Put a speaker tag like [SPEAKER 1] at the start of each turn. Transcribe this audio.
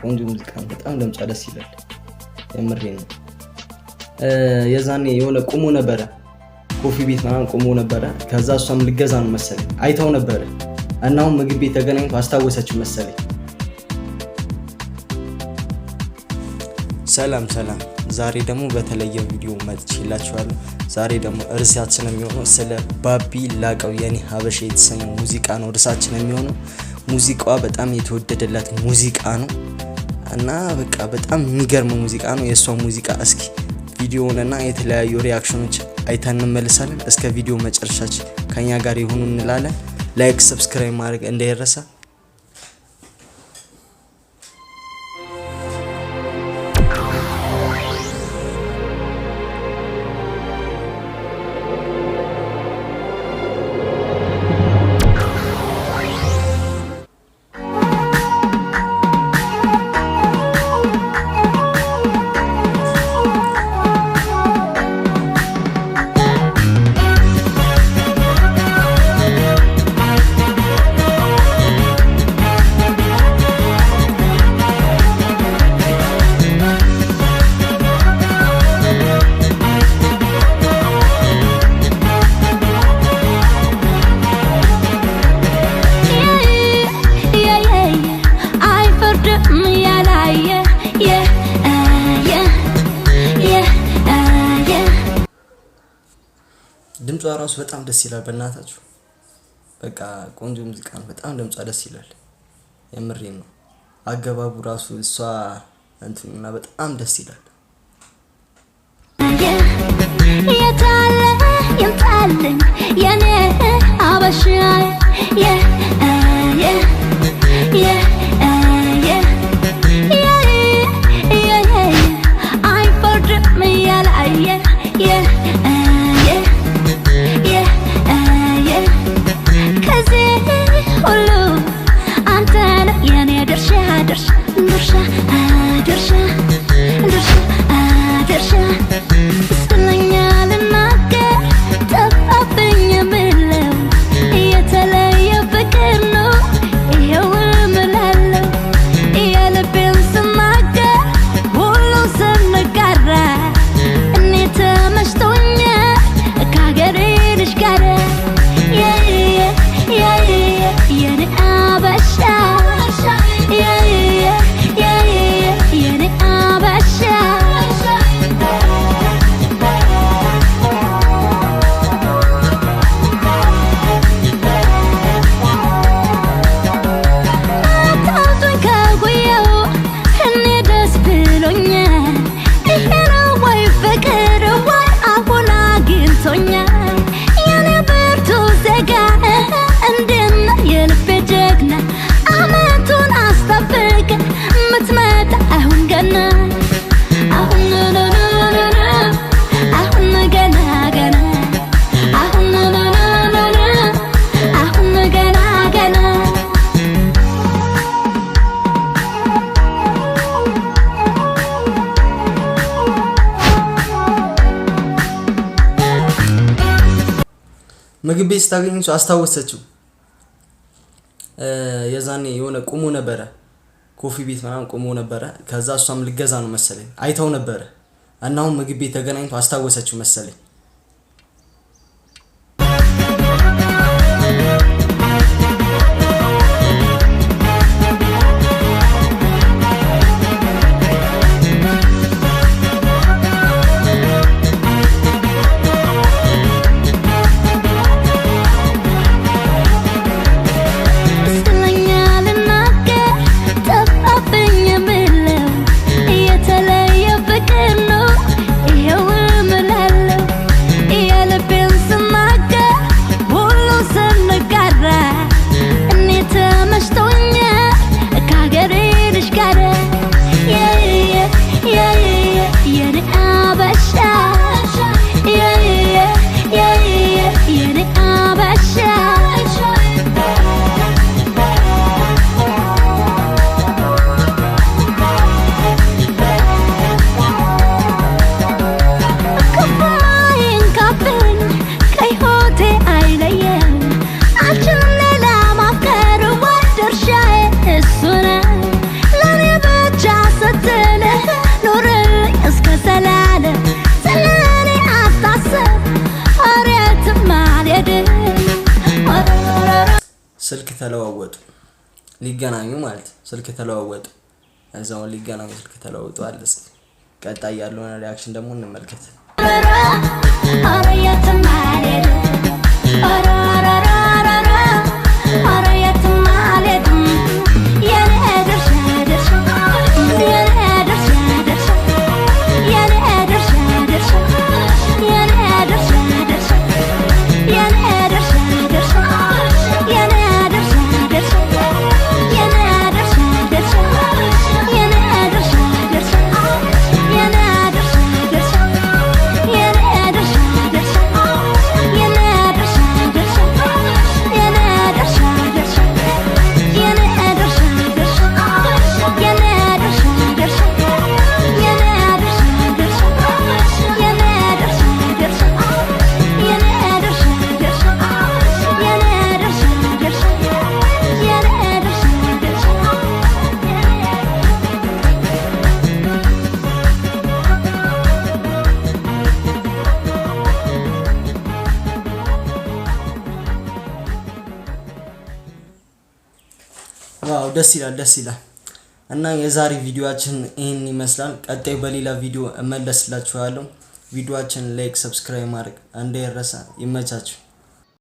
[SPEAKER 1] ቆንጆ ሙዚቃ ነው። በጣም ለምጫ ደስ ይላል። የምሬ ነው። የዛኔ የሆነ ቁሞ ነበረ ኮፊ ቤት ምናምን ቁሞ ነበረ። ከዛ እሷም ልገዛ ነው መሰለ አይታው ነበረ እናሁን ምግብ ቤት ተገናኝቶ አስታወሰች መሰለ ሰላም ሰላም፣ ዛሬ ደግሞ በተለየ ቪዲዮ መጥቼላችኋለሁ። ዛሬ ደግሞ እርሳችን የሚሆነው ስለ ባቢ ላቀው የኔ ሀበሻ የተሰኘ ሙዚቃ ነው። እርሳችን የሚሆነው ሙዚቃዋ በጣም የተወደደላት ሙዚቃ ነው። እና በቃ በጣም የሚገርም ሙዚቃ ነው። የእሷ ሙዚቃ እስኪ ቪዲዮውንና የተለያዩ ሪያክሽኖች አይተን እንመልሳለን። እስከ ቪዲዮ መጨረሻች ከኛ ጋር የሆኑ እንላለን። ላይክ፣ ሰብስክራይብ ማድረግ እንዳይረሳ። ድምጿ ራሱ በጣም ደስ ይላል። በእናታችሁ በቃ ቆንጆ ሙዚቃ ነው። በጣም ድምጿ ደስ ይላል። የምሬ ነው። አገባቡ ራሱ እሷ እንትና በጣም ደስ ይላል። ምግብ ቤት ስታገኘች አስታወሰችው። የዛኔ የሆነ ቁሞ ነበረ ኮፊ ቤት ምናምን ቁሞ ነበረ። ከዛ እሷም ልገዛ ነው መሰለኝ አይተው ነበረ እና አሁን ምግብ ቤት ተገናኝቶ አስታወሰችው መሰለኝ። ሊገናኙ ማለት ስልክ ተለዋወጡ። እዛውን ሊገናኙ ስልክ ተለዋውጠዋል። እስኪ ቀጣይ ያለውን ሪያክሽን ደግሞ እንመልከት። ዋው ደስ ይላል ደስ ይላል። እና የዛሬ ቪዲዮአችን ይህን ይመስላል። ቀጣይ በሌላ ቪዲዮ እመለስላችኋለሁ። ቪዲዮአችን ላይክ፣ ሰብስክራይብ ማድረግ እንዳይረሳ። ይመቻችሁ።